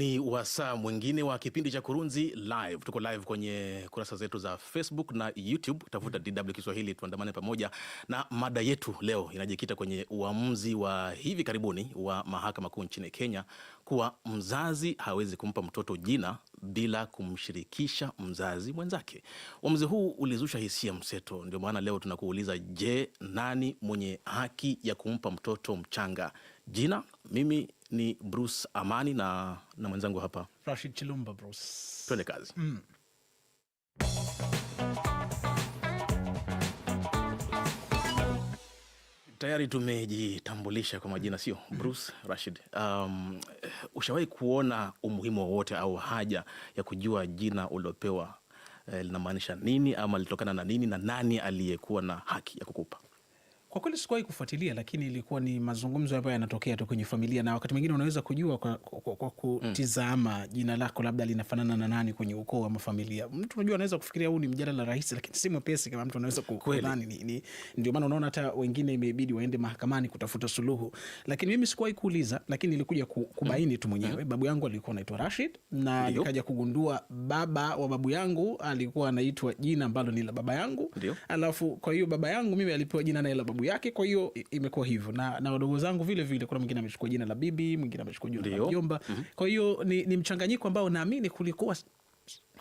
Ni wasaa mwingine wa kipindi cha Kurunzi Live. Tuko live kwenye kurasa zetu za Facebook na YouTube, tafuta mm-hmm. DW Kiswahili tuandamane pamoja. Na mada yetu leo inajikita kwenye uamuzi wa hivi karibuni wa mahakama kuu nchini Kenya kuwa mzazi hawezi kumpa mtoto jina bila kumshirikisha mzazi mwenzake. Uamuzi huu ulizusha hisia mseto, ndio maana leo tunakuuliza, je, nani mwenye haki ya kumpa mtoto mchanga jina? Mimi ni Bruce Amani na, na mwenzangu hapa Rashid Chilumba. Bruce, twende kazi mm. Tayari tumejitambulisha kwa majina, sio mm-hmm. Bruce Rashid. Um, ushawahi kuona umuhimu wowote au haja ya kujua jina uliopewa eh, linamaanisha nini ama lilitokana na nini na nani aliyekuwa na haki ya kukupa? Kwa kweli sikuwahi kufuatilia, lakini ilikuwa ni mazungumzo ambayo yanatokea tu kwenye familia, na wakati mwingine unaweza kujua kwa, kwa, kwa kutizama mm. jina lako labda linafanana na nani kwenye ukoo ama familia. Mtu unajua anaweza kufikiria huu ni mjadala rahisi, lakini si mwepesi kama mtu anaweza kudhani. Ndio maana unaona hata wengine imebidi waende mahakamani kutafuta suluhu, lakini mimi sikuwahi kuuliza, lakini nilikuja kubaini tu mwenyewe. Mm-hmm. Babu yangu alikuwa anaitwa Rashid na nikaja kugundua baba wa babu yangu alikuwa anaitwa jina ambalo ni la baba yangu, alafu kwa hiyo baba yangu mimi alipewa jina naye la babu klabu yake, kwa hiyo imekuwa hivyo na, na wadogo zangu vile vile, kuna mwingine amechukua jina la bibi, mwingine amechukua jina la mm-hmm. Kwa hiyo ni, ni mchanganyiko ambao naamini kulikuwa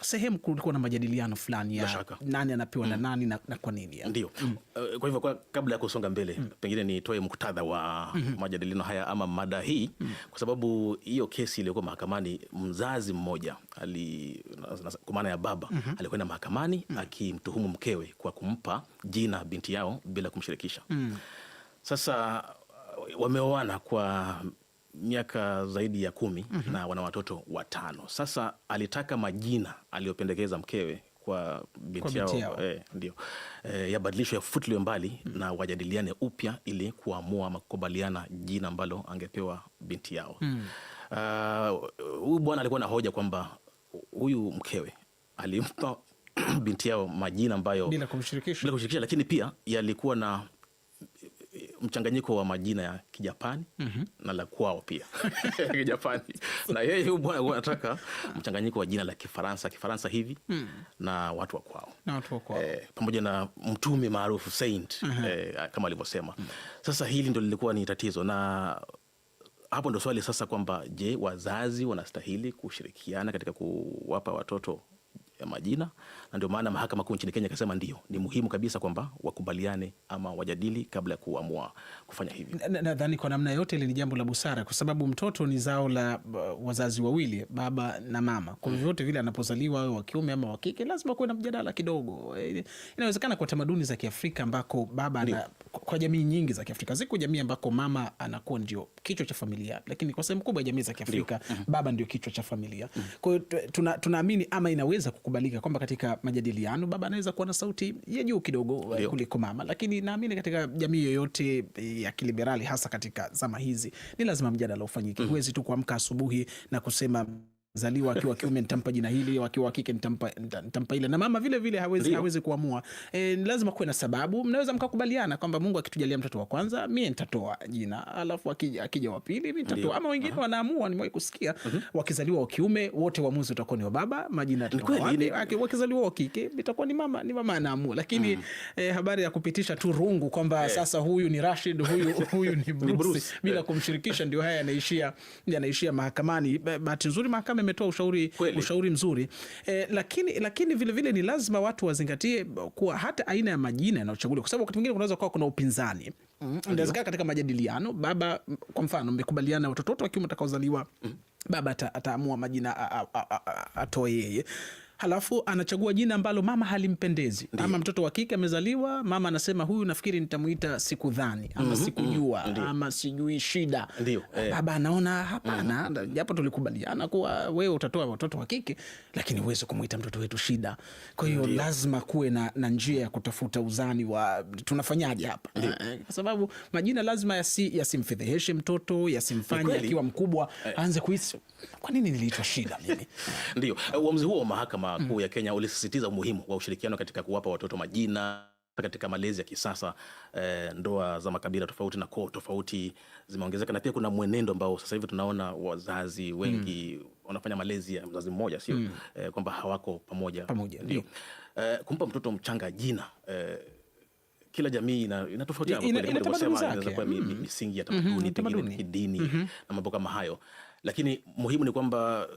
sehemu kulikuwa na majadiliano fulani ya nani anapewa mm. na nani na, na kwa nini ndio mm. uh, kwa hivyo kabla ya kusonga mbele mm. pengine nitoe muktadha wa mm -hmm. majadiliano haya ama mada hii mm. kwa sababu hiyo kesi iliyokuwa mahakamani, mzazi mmoja kwa maana ya baba mm -hmm. alikwenda mahakamani mm. akimtuhumu mkewe kwa kumpa jina binti yao bila kumshirikisha mm. Sasa wameoana kwa miaka zaidi ya kumi mm -hmm. na wana watoto watano. Sasa alitaka majina aliyopendekeza mkewe kwa binti yao eh, ndio eh, yabadilishwe mbali mm -hmm. na wajadiliane upya ili kuamua ama kukubaliana jina ambalo angepewa binti yao mm ah, huyu -hmm. uh, bwana alikuwa na hoja kwamba huyu mkewe alimpa binti yao majina ambayo bila kumshirikisha, lakini pia yalikuwa na mchanganyiko wa majina ya Kijapani mm -hmm. na la kwao pia Kijapani na yeye huyu bwana anataka mchanganyiko wa jina la Kifaransa Kifaransa hivi mm. na watu wa kwao kwao E, pamoja na mtume maarufu saint mm -hmm. e, kama alivyosema mm. Sasa hili ndo lilikuwa ni tatizo, na hapo ndo swali sasa kwamba je, wazazi wanastahili kushirikiana katika kuwapa watoto ya majina, na ndio maana mahakama kuu nchini Kenya ikasema ndio, ni muhimu kabisa kwamba wakubaliane ama wajadili kabla ya kuamua kufanya hivyo. Nadhani kwa namna yote ile ni jambo la busara, kwa sababu mtoto ni zao la wazazi wawili, baba na mama. Kwa mm. vyovyote vile anapozaliwa awe wa kiume ama wa kike, lazima kuwe na mjadala kidogo. E, inawezekana kwa tamaduni za Kiafrika ambako baba ana, kwa jamii nyingi za Kiafrika, ziko jamii ambako mama anakuwa ndio kichwa cha familia, lakini kwa sehemu kubwa ya jamii za Kiafrika mm. baba ndio kichwa cha familia. Mm. Kwa hiyo tunaamini ama inaweza kuku kukubalika kwamba katika majadiliano baba anaweza kuwa na sauti ya juu kidogo Leo, eh, kuliko mama, lakini naamini katika jamii yoyote eh, ya kiliberali hasa katika zama hizi ni lazima mjadala ufanyike. Mm. Huwezi mm -hmm. tu kuamka asubuhi na kusema zaliwa akiwa kiume nitampa jina hili, wakiwa wa kike nitampa, nitampa ile, na mama vile vile hawezi, hawezi kuamua e, lazima kuwe na sababu. Mnaweza mkakubaliana kwamba Mungu akitujalia mtoto wa kwanza mie nitatoa jina, alafu akija, akija wa pili mi nitatoa, ama wengine wanaamua. Nimewahi kusikia mhm. wakizaliwa wa kiume wote uamuzi utakuwa ni wa baba, majina wakizaliwa wa kike itakuwa ni mama, ni mama anaamua. Lakini mm. e, habari ya kupitisha tu rungu kwamba hey, eh. sasa huyu ni Rashid huyu, huyu ni Bruce, ni Bruce bila eh. kumshirikisha, ndio haya yanaishia, yanaishia mahakamani. Bahati nzuri mahakama kama ametoa ushauri, ushauri mzuri e, lakini, lakini vile vile ni lazima watu wazingatie kuwa hata aina ya majina yanayochaguliwa kwa sababu wakati mwingine kunaweza kuwa kuna upinzani mm, inawezekana katika majadiliano baba, kwa mfano mmekubaliana watoto wote wa kiume watakaozaliwa mm, baba ataamua majina atoe yeye halafu anachagua jina ambalo mama halimpendezi Ndi. ama mtoto wa kike amezaliwa, mama anasema huyu nafikiri nitamwita sikudhani ama mm -hmm. sikujua -hmm. ama sijui shida Ndiyo. Eh. baba anaona hapana, mm -hmm. japo tulikubaliana kuwa wewe utatoa watoto wa kike, lakini huwezi kumwita mtoto wetu shida. Kwa hiyo lazima kuwe na, na njia ya kutafuta uzani wa tunafanyaje hapa, eh, kwa sababu majina lazima yasimfedheheshe yasi mtoto yasimfanye akiwa mkubwa eh. aanze kuhisi kwa nini niliitwa shida mimi. Ndio uamuzi huo wa mahakama mahakama mm. kuu ya Kenya ulisisitiza umuhimu wa ushirikiano katika kuwapa watoto majina katika malezi ya kisasa eh, ndoa za makabila tofauti na koo tofauti zimeongezeka, na pia kuna mwenendo ambao sasa hivi tunaona wazazi wengi mm. wanafanya malezi ya mzazi mmoja, sio mm. eh, kwamba hawako pamoja, pamoja ndio eh, kumpa mtoto mchanga jina eh, kila jamii ina ina tofauti inatofautiana kwa mm. misingi ya mm-hmm, tamaduni, mm -hmm, pengine kidini mm-hmm. na mambo kama hayo, lakini muhimu ni kwamba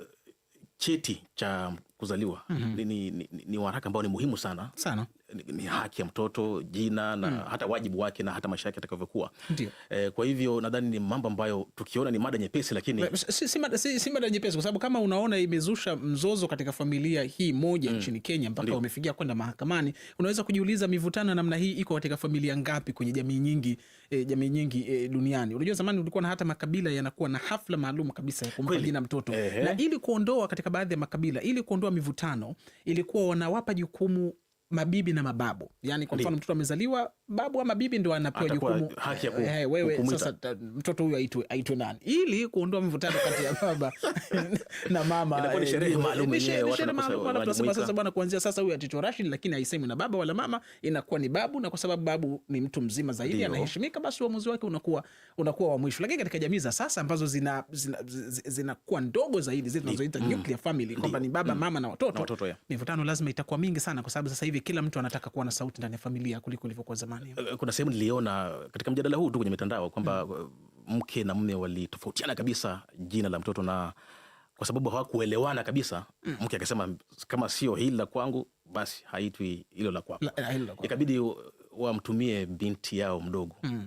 cheti cha kuzaliwa mm -hmm. ni, ni, ni waraka ambao ni muhimu sana sana ni haki ya mtoto jina na mm. hata wajibu wake na hata maisha yake atakavyokuwa. E, eh, kwa hivyo nadhani ni mambo ambayo tukiona ni mada nyepesi, lakini si, si, mada, si, si mada nyepesi, kwa sababu kama unaona imezusha mzozo katika familia hii moja mm. nchini Kenya mpaka wamefikia kwenda mahakamani, unaweza kujiuliza mivutano namna hii iko katika familia ngapi kwenye jamii nyingi, e, jamii nyingi e, duniani. Unajua zamani ulikuwa na hata makabila yanakuwa na hafla maalum kabisa ya kumpa jina mtoto, Ehe. na ili kuondoa katika baadhi ya makabila, ili kuondoa mivutano, ilikuwa wanawapa jukumu mabibi na mababu, yani kwa mfano mtoto amezaliwa, babu ama bibi ndio anapewa jukumu eh, eh, wewe Sasa mtoto huyu aitwe aitwe nani, ili kuondoa mvutano kati ya baba na mama. Inakuwa ni eh, sherehe maalum yenyewe, tunasema sasa bwana, kuanzia sasa huyu atitwa Rashid, lakini haisemwi na baba wala mama, inakuwa ni babu, na kwa sababu babu ni mtu mzima zaidi, anaheshimika, basi uamuzi wake unakuwa unakuwa wa mwisho. Lakini katika jamii za sasa ambazo zina zinakuwa zina ndogo zaidi, zile tunazoita mm. nuclear family, kwamba ni baba mm. mama na watoto, mivutano lazima itakuwa mingi sana, kwa sababu sasa hivi kila mtu anataka kuwa na sauti ndani ya familia kuliko ilivyokuwa zamani. Eh, eh, kuna sehemu niliona katika mjadala huu tu kwenye mitandao kwamba mm. Eh, mke na mume walitofautiana kabisa jina la mtoto na kwa sababu hawakuelewana kabisa mm. mke akasema kama sio hili la kwangu basi haitwi hilo la kwako, ikabidi wamtumie binti yao mdogo mm.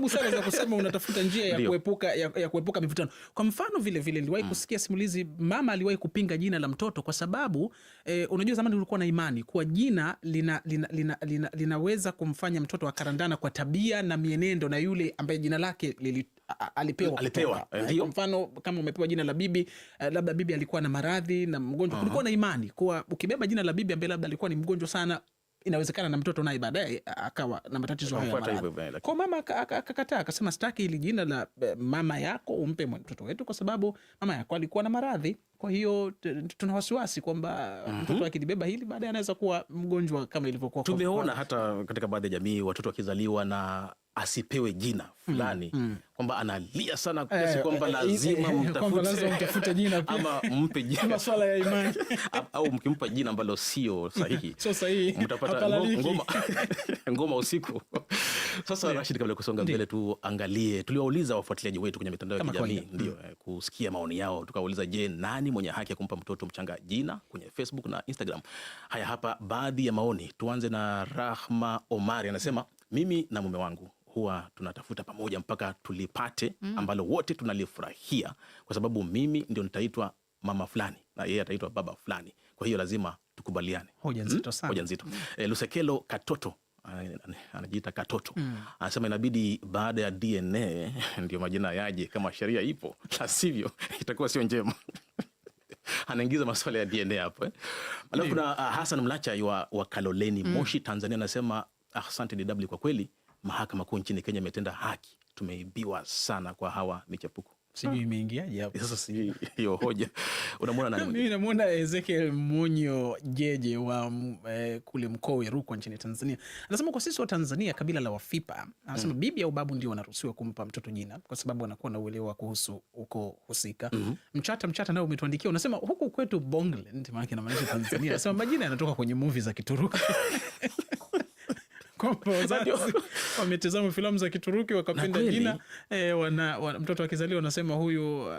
busara za kusema unatafuta njia ya kuepuka, ya, ya kuepuka mivutano. Kwa mfano vile mm. kusikia simulizi, mama aliwahi kupinga jina la mtoto kwa sababu eh, unajua zamani ulikuwa na imani kuwa jina lina, lina, lina, lina, linaweza kumfanya mtoto akarandana kwa tabia na mienendo na yule ambaye jina lake lili alipewa alipewa. Eh, kwa mfano kama umepewa jina la bibi, eh, labda bibi alikuwa na maradhi na mgonjwa, kulikuwa na imani kuwa ukibeba jina la bibi ambaye labda alikuwa ni mgonjwa sana inawezekana na mtoto naye baadaye akawa na matatizo hayo. Kwa mama akakataa, akasema sitaki hili jina la e, mama yako umpe mtoto wetu, kwa sababu mama yako alikuwa na maradhi. Kwa hiyo tuna wasiwasi kwamba mhm. mtoto akilibeba hili baadaye anaweza kuwa mgonjwa kama ilivyokuwa. Tumeona hata katika baadhi ya jamii watoto wakizaliwa na asipewe jina mm, fulani mm, mm. kwamba analia sana eh, kiasi eh, eh, kwamba lazima mtafute jina ama mpe jina masuala ya imani au mkimpa jina ambalo sio sahihi, sio sahihi mtapata ngoma ngoma usiku. Sasa yeah. Rashid, kabla kusonga mbele, tuangalie tuliwauliza wafuatiliaji wetu kwenye mitandao ya kijamii ndio mm. kusikia maoni yao. Tukawauliza, je, nani mwenye haki ya kumpa mtoto mchanga jina kwenye Facebook na Instagram? Haya hapa baadhi ya maoni. Tuanze na Rahma Omari, anasema mimi na mume wangu huwa tunatafuta pamoja mpaka tulipate mm. ambalo wote tunalifurahia, kwa sababu mimi ndio nitaitwa mama fulani na yeye ataitwa baba fulani, kwa hiyo lazima tukubaliane. Hoja hmm? nzito sana, hoja nzito. mm. E, Lusekelo Katoto eh, anajiita Katoto mm. anasema inabidi baada ya DNA ndio majina yaje kama sheria ipo, la sivyo itakuwa sio njema. anaingiza masuala ya DNA hapo eh. Alafu kuna ah, hasan Mlacha wa, wa Kaloleni mm. Moshi, Tanzania anasema asante DW kwa kweli mahakama kuu nchini Kenya imetenda haki, tumeibiwa sana kwa hawa michepuko Sijui imeingiaje hapo sasa, sijui hiyo hoja. Unamwona nani? Mimi namwona Ezekiel Munyo Jeje wa eh, kule mkoa Rukwa nchini Tanzania, anasema kwa sisi wa Tanzania kabila la Wafipa, anasema mm. bibi au babu ndio wanaruhusiwa kumpa mtoto jina kwa sababu anakuwa na uelewa kuhusu uko husika mm -hmm. Mchata mchata nao umetuandikia, unasema huku kwetu Bongland, maana namaanisha Tanzania, anasema majina yanatoka kwenye movie za Kituruki kwamba wazazi wametazama filamu za Kituruki wakapenda jina e, wana, wana, mtoto akizaliwa anasema huyu uh,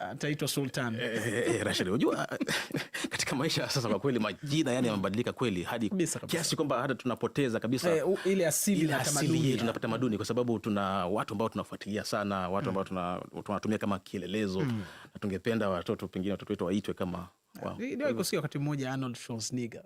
ataitwa uh, Sultan. E, Rashid, unajua katika maisha sasa kwa kweli majina yani yamebadilika kweli hadi kiasi kwamba hata tunapoteza kabisa e, ile asili ile asili yetu na tamaduni, kwa sababu tuna watu ambao tunafuatilia sana, watu ambao mm. tunatumia kama kielelezo mm. na tungependa watoto pengine watoto wetu waitwe kama Wow. Niliwahi kusikia wakati mmoja Arnold Schwarzenegger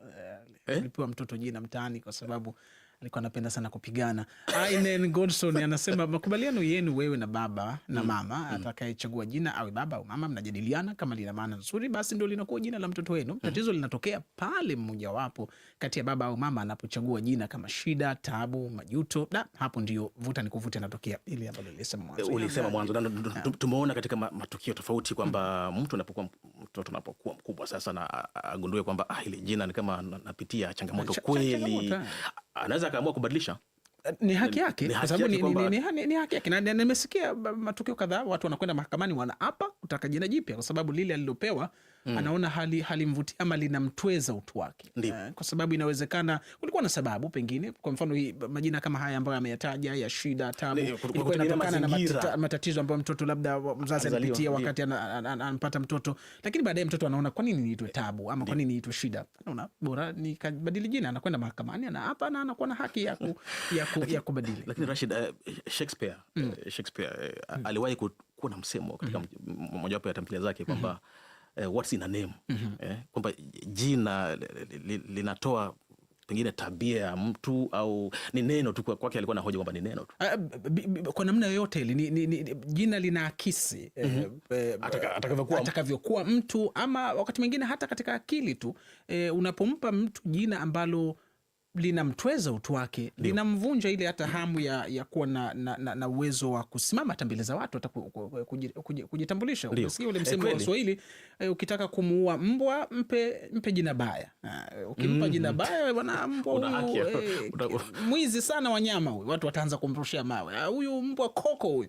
alipewa eh, mtoto jina mtaani kwa sababu alikuwa anapenda sana kupigana. Ainen Godson anasema makubaliano yenu wewe na baba na mm. mama, mm. atakayechagua jina awe baba au mama, mnajadiliana. Kama lina maana nzuri, basi ndio linakuwa jina la mtoto wenu. Mm. Tatizo linatokea pale mmojawapo kati ya baba au mama anapochagua jina kama shida, tabu, majuto, na hapo ndio vuta ni kuvuta inatokea, ili ambalo ulisema mwanzo, ulisema mwanzo, tumeona katika matukio tofauti kwamba mtu anapokuwa mtoto anapokuwa mkubwa sasa na agundue kwamba ah, hili jina ni kama napitia changamoto ah, kweli, eh. anaweza akaamua kubadilisha eh, ni haki yake, ni haki yake. Na nimesikia eh, matukio kadhaa, watu wanakwenda mahakamani wanaapa kutaka jina jipya kwa sababu lile alilopewa mm. anaona hali mvuti ama linamtweza utu wake eh, kwa sababu inawezekana kulikuwa na sababu pengine, kwa mfano hii majina kama haya ambayo ameyataja ya shida, tabu, ilikuwa inatokana na matatizo ambayo mtoto labda mzazi anapitia wakati anampata mtoto, lakini baadaye mtoto anaona kwa nini niitwe eh, tabu ama kwa nini niitwe shida, anaona bora nikabadili jina, anakwenda mahakamani, hapa na anakuwa na haki ya ku, ya ku, ya kubadili. Lakini Rashid, eh, Shakespeare mm. Shakespeare mm. aliwahi kuwa na msemo katika mm. mojawapo ya tamthilia zake kwamba mm-hmm eh, what's in a name mm -hmm. eh, kwamba jina linatoa li, li, pengine tabia ya mtu au ni neno tu kwake. Alikuwa na hoja kwamba ni neno tu ah, kwa namna yoyote ile ni, ni, ni, jina linaakisi mm -hmm. atakavyokuwa mtu ama wakati mwingine hata katika akili tu e, unapompa mtu jina ambalo linamtweza utu wake, linamvunja ile hata hamu ya, ya kuwa na, na, na, na uwezo wa kusimama hata mbele za watu hata kujitambulisha. Ukisikia ule eh, msemo wa Kiswahili, eh, ukitaka kumuua mbwa mpe, mpe jina baya. Ah, ukimpa mm, jina mm-hmm. baya bwana, mbwa huyu eh, mwizi sana wanyama huyu, watu wataanza kumrushia mawe, ah, huyu mbwa koko huyu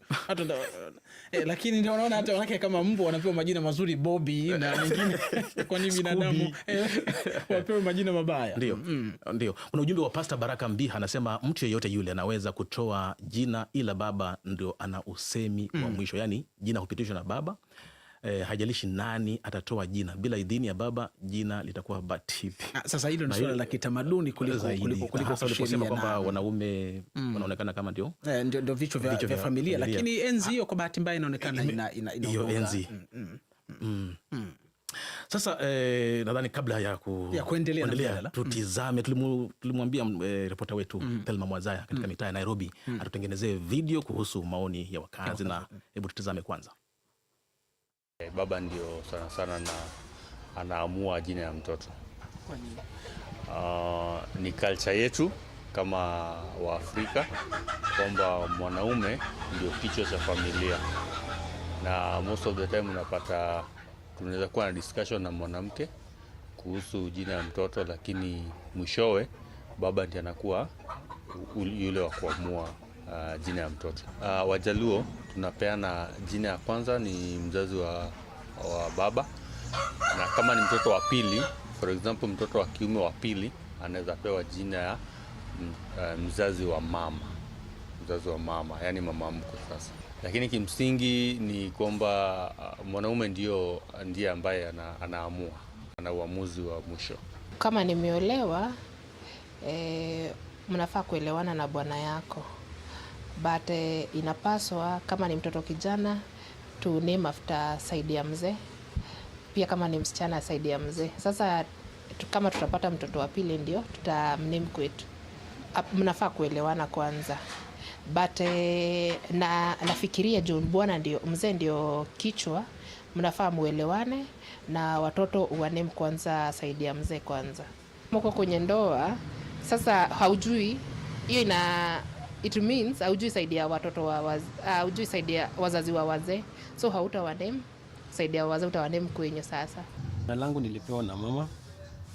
eh, lakini ndio unaona hata wanake kama mbwa wanapewa majina mazuri bobi na mengine kwani binadamu eh, wapewe majina mabaya. Ndio, mm. ndio kuna ujumbe wa Pasta Baraka Mbiha anasema mtu yeyote yule anaweza kutoa jina ila Baba ndio ana usemi mm. wa mwisho, yaani jina hupitishwa na Baba. Eh, hajalishi nani atatoa jina bila idhini ya Baba, jina litakuwa batili. Ah, sasa hilo ni suala la kitamaduni kuliko kusema ah, kwamba wanaume mm. wanaonekana kama ndio eh, ndio vichwa vya, vya, vya familia, lakini enzi ah. hiyo kwa bahati mbaya inaonekana hiyo enzi mm. Mm. Mm. mm. mm. Sasa eh, nadhani kabla ya, ku, ya kuendelea mm. tutizame, tulimwambia eh, ripota wetu mm. Thelma Mwazaya katika mm. mitaa ya Nairobi mm. atutengenezee video kuhusu maoni ya wakazi na hebu tutizame kwanza. Eh, baba ndio sana sana na anaamua jina ya mtoto. Kwa nini? Uh, ni culture yetu kama Waafrika kwamba mwanaume ndio kichwa cha familia na most of the time unapata tunaweza kuwa na discussion na mwanamke kuhusu jina ya mtoto, lakini mwishowe baba ndiye anakuwa yule wa kuamua uh, jina ya mtoto. Uh, Wajaluo tunapeana jina ya kwanza ni mzazi wa, wa baba, na kama ni mtoto wa pili, for example, mtoto wa kiume wa pili anaweza pewa jina ya mm, uh, mzazi wa mama, mzazi wa mama, yani mama mkwe sasa lakini kimsingi ni kwamba uh, mwanaume ndio ndiye ambaye ana, anaamua ana uamuzi wa mwisho. Kama nimeolewa e, mnafaa kuelewana na bwana yako but e, inapaswa kama ni mtoto kijana tu name after saidi ya mzee, pia kama ni msichana saidi ya mzee. Sasa kama tutapata mtoto wa pili ndio tutamname kwetu. Mnafaa kuelewana kwanza but eh, na nafikiria juu bwana ndio mzee ndio kichwa, mnafaa muelewane na watoto uwanem kwanza, saidia mzee kwanza. Mko kwenye ndoa sasa, haujui hiyo ina it means haujui saidia watoto wa waz, haujui saidia wazazi wa wazee, so hautawanem saidia wazee, utawanem kwenye sasa. Na langu nilipewa na mama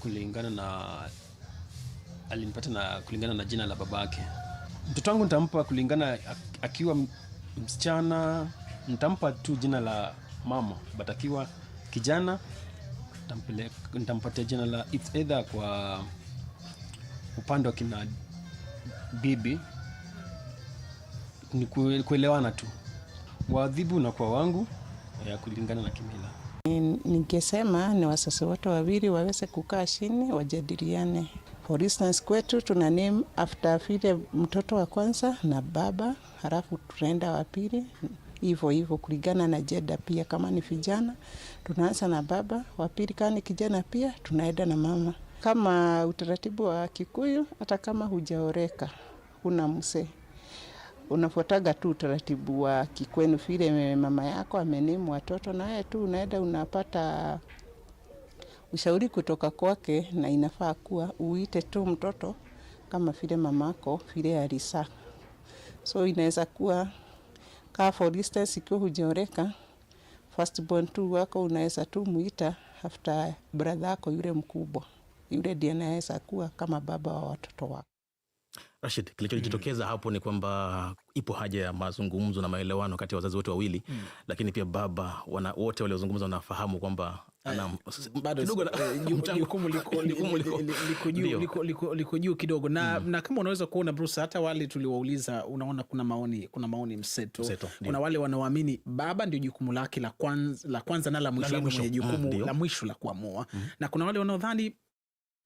kulingana na alinipata na kulingana na jina la babake mtoto wangu nitampa kulingana akiwa msichana nitampa tu jina la mama, but akiwa kijana nitampatia jina la it's either kwa upande wa kina bibi, ni kuelewana tu waadhibu na kwa wangu ya kulingana na kimila. Ningesema ni wasasi wote wawili waweze kukaa chini wajadiliane. For instance kwetu tuna name after vile mtoto wa kwanza na baba, halafu tunaenda wa pili hivyo hivyo kulingana na jeda. Pia kama ni vijana tunaanza na baba, wa pili kama ni kijana pia tunaenda na mama, kama utaratibu wa Kikuyu. Hata kama hujaoreka una mzee, unafuataga tu utaratibu wa kikwenu, vile mama yako amenemu watoto, naye tu unaenda unapata ushauri kutoka kwake, na inafaa kuwa uite tu mtoto kama vile mamako vile alisa. So inaweza kuwa ka for instance, ikiwa hujaoreka first born tu wako unaweza tu muita after brother yako yule mkubwa, yule ndiye anaweza kuwa kama baba wa watoto wako. Rashid, ah, kilichojitokeza mm. hapo ni kwamba ipo haja ya mazungumzo na maelewano kati ya wazazi wote wawili mm. lakini pia baba wana, wote waliozungumza wanafahamu kwamba ah, eh, eh, liko juu kidogo na, mm. na kama unaweza kuona Bruce, hata wale tuliwauliza, unaona kuna maoni, kuna maoni mseto, mseto kuna wale wanaoamini baba ndio jukumu lake la kwanza, la kwanza na la mwisho, mwenye jukumu ah, la mwisho la kuamua, mm. na kuna wale wanaodhani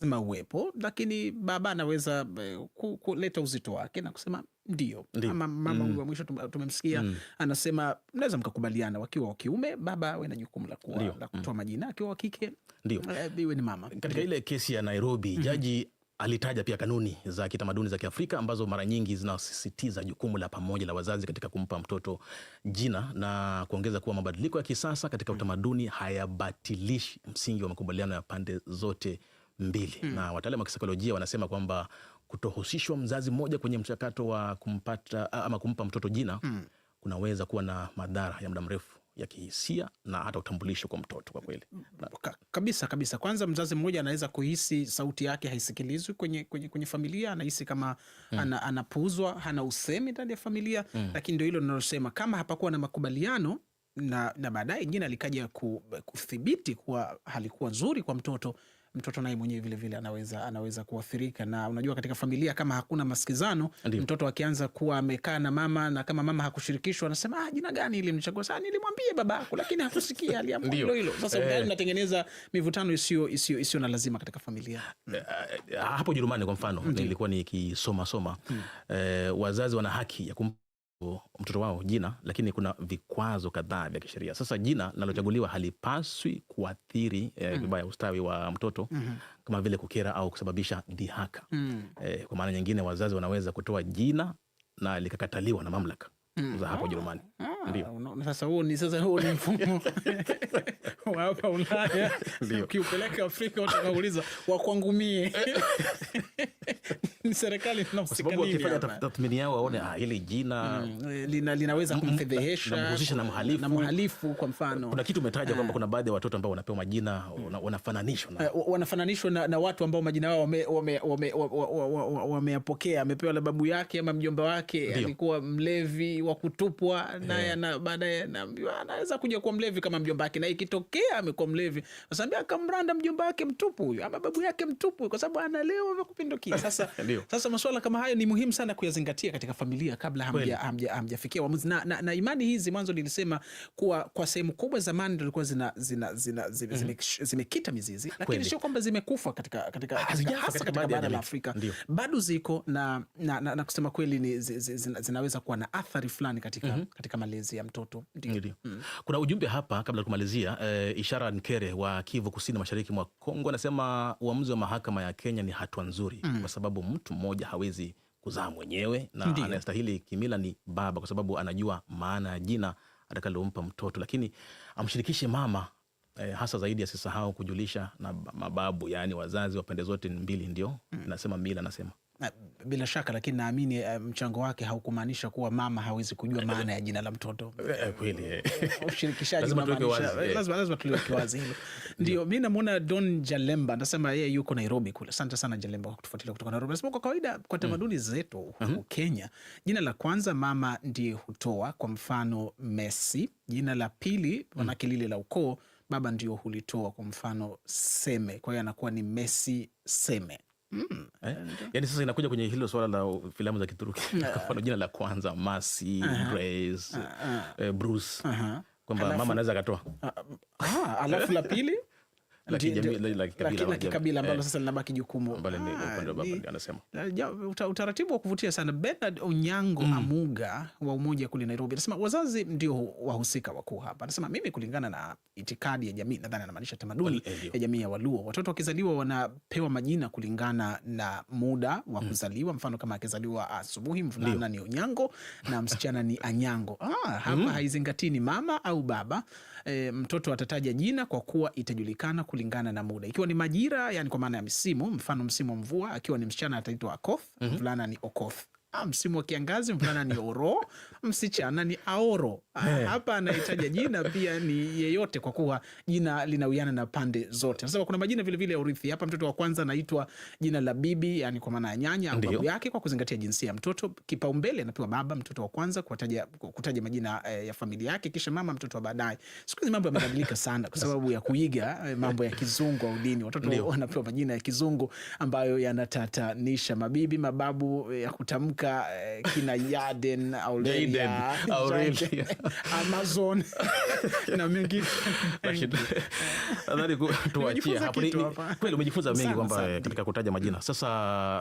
lazima uwepo, lakini baba anaweza eh, kuleta uzito wake na kusema ndio. Ama mama huyu mm. wa mwisho tumemsikia mm. anasema mnaweza mkakubaliana, wakiwa wa kiume baba awe na jukumu la mm. kutoa mm. majina, akiwa wa kike eh, iwe ni mama. Katika ile kesi ya Nairobi mm. hmm jaji alitaja pia kanuni za kitamaduni za Kiafrika ambazo mara nyingi zinasisitiza jukumu la pamoja la wazazi katika kumpa mtoto jina na kuongeza kuwa mabadiliko ya kisasa katika mm. utamaduni hayabatilishi msingi wa makubaliano ya pande zote mbili mm. na wataalamu wa kisaikolojia wanasema kwamba kutohusishwa mzazi mmoja kwenye mchakato wa kumpata ama kumpa mtoto jina mm. kunaweza kuwa na madhara ya muda mrefu ya kihisia na hata utambulisho kwa mtoto. Kwa kweli Ka, kabisa kabisa. Kwanza mzazi mmoja anaweza kuhisi sauti yake haisikilizwi kwenye, kwenye, kwenye familia, anahisi kama mm. anapuuzwa, hana usemi ndani ya familia mm. lakini ndio hilo linalosema kama hapakuwa na makubaliano na, na baadaye jina likaja kuthibiti kuwa halikuwa nzuri kwa mtoto mtoto naye mwenyewe vile vile anaweza, anaweza kuathirika. Na unajua katika familia kama hakuna masikizano, mtoto akianza kuwa amekaa na mama na kama mama hakushirikishwa, anasema ah, jina gani ili mnichagua? Sasa ah, nilimwambia yako lakini hakusikia, aliamua hilo hilo. Sasa mnatengeneza eh. mivutano isiyo isiyo isiyo na lazima katika familia. Eh, eh, hapo Jerumani kwa mfano nilikuwa nikisoma soma, hmm. wazazi wana haki ya mtoto wao jina, lakini kuna vikwazo kadhaa vya kisheria. Sasa jina linalochaguliwa halipaswi kuathiri eh, mm-hmm. vibaya ustawi wa mtoto mm -hmm. kama vile kukera au kusababisha dhihaka mm -hmm. eh, kwa maana nyingine wazazi wanaweza kutoa jina na likakataliwa na mamlaka Mm. za hapa Ujerumani. Ah, ah, Ndio. Sasa huo ni sasa huo ni mfumo wa hapa Ulaya. Ukiupeleka Afrika utakauliza wakwangumie. ni serikali tunahusika tathmini yao waone ah, hili jina mm, eh, lina, linaweza mm, mm, kumfedhehesha namhusisha na mhalifu na mhalifu. Kwa mfano kuna kitu umetaja kwamba ah. kuna baadhi ya watoto ambao wanapewa majina wanafananishwa na eh, wanafananishwa na, watu ambao majina yao wameyapokea, amepewa la babu yake ama mjomba wake alikuwa mlevi wa kutupwa, naye eh. na baadaye anaweza kuja kuwa mlevi kama mjomba wake, na ikitokea amekuwa mlevi wasambi akamranda mjomba wake mtupu huyu ama babu yake mtupu, kwa sababu analewa vya kupindukia. Sasa Sasa masuala kama hayo ni muhimu sana kuyazingatia katika familia kabla hamjafikia uamuzi na, na, na imani hizi mwanzo nilisema kuwa kwa sehemu kubwa zamani zilikuwa zina, zina, zina, zime, mm zimekita mizizi lakini sio kwamba zimekufa katika, katika, katika, hasa katika bara la Afrika bado ziko na, na, na, na kusema kweli ni, zi, zi, zina, zinaweza kuwa na athari fulani katika, mm -hmm. katika malezi ya mtoto ndio. Mm. Kuna ujumbe hapa kabla ya kumalizia e, Ishara Nkere wa Kivu Kusini Mashariki mwa Kongo anasema uamuzi wa mahakama ya Kenya ni hatua nzuri mm. kwa sababu mtu mtu mmoja hawezi kuzaa mwenyewe, na anastahili kimila ni baba, kwa sababu anajua maana ya jina atakalompa mtoto, lakini amshirikishe mama eh, hasa zaidi asisahau kujulisha na mababu, yaani wazazi wa pande zote mbili, ndio mm. nasema mila nasema Eh, bila shaka, lakini naamini eh, mchango wake haukumaanisha kuwa mama hawezi kujua maana ya jina la mtoto. Eh, kweli ushirikishaji lazima lazima tuliwe kiwazi hilo. Ndio mi namwona Don Jalemba, nasema yeye yuko Nairobi kule. Asante sana Jalemba kwa kutufuatilia kutoka Nairobi. Nasema kwa kawaida, kwa mm. tamaduni zetu huku mm -hmm. Kenya, jina la kwanza mama ndiye hutoa, kwa mfano Messi. Jina la pili manake mm. lile la ukoo baba ndio hulitoa, kwa mfano Seme. Kwa hiyo anakuwa ni Messi Seme. Mm, eh? eh yani sasa inakuja kwenye hilo swala la filamu za Kituruki eh. kwa mfano jina la kwanza Mercy, Grace, ah, ah. Eh, Bruce kwamba mama anaweza akatoa, ah, alafu la pili la kikabila ambalo eh. sasa linabaki jukumu. Ah, utaratibu wa kuvutia sana. Bernard Onyango mm. Amuga wa Umoja kule Nairobi anasema wazazi ndio wahusika wakuu hapa. Anasema mimi, kulingana na itikadi ya jamii, nadhani anamaanisha tamaduni eh, ya jamii ya Waluo, watoto wakizaliwa wanapewa majina kulingana na muda wa mm. kuzaliwa. Mfano kama akizaliwa asubuhi, mvulana ni Onyango na msichana ni Anyango. Ah, hapa mm. haizingatii ni mama au baba. E, mtoto atataja jina kwa kuwa itajulikana kulingana kulingana na muda. Ikiwa ni majira, yani kwa maana ya msimu mfano msimu wa mvua, akiwa ni msichana ataitwa Akoth, mhm. mvulana mm -hmm. ni Okoth. Ah, msimu wa kiangazi mvulana ni oro, msichana ni aoro. Hey. Ah, eh. Hapa anahitaja jina pia ni yeyote, kwa kuwa jina linawiana na pande zote. nasema kuna majina vile vile ya urithi. Hapa mtoto wa kwanza anaitwa jina la bibi, yani kwa maana ya nyanya au babu yake, kwa kuzingatia jinsia ya mtoto. Kipaumbele anapewa baba, mtoto wa kwanza, kutaja kutaja majina eh, ya familia yake, kisha mama, mtoto wa baadaye. Siku hizi mambo yamebadilika sana kwa sababu ya kuiga eh, mambo ya kizungu au dini. Watoto wanapewa majina ya kizungu ambayo yanatatanisha mabibi, mababu ya kutamka katika eh, kina Yarden, Aurelia, Amazon na mengi nadhani tuachie hapo. Kweli umejifunza mengi kwamba eh, katika kutaja majina. Sasa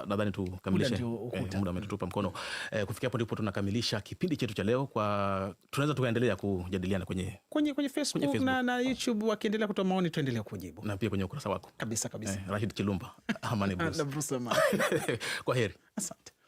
nadhani tukamilishe, muda eh, ametutupa mkono. eh, Kufikia hapo ndipo tunakamilisha kipindi chetu cha leo. Kwa tunaweza tukaendelea kujadiliana kwenye kwenye kwenye Facebook na na YouTube, wakiendelea kutoa maoni tuendelea kujibu, na pia kwenye ukurasa wako kabisa kabisa. Rashid Chilumba, Amani ah, Bruce kwa heri, asante.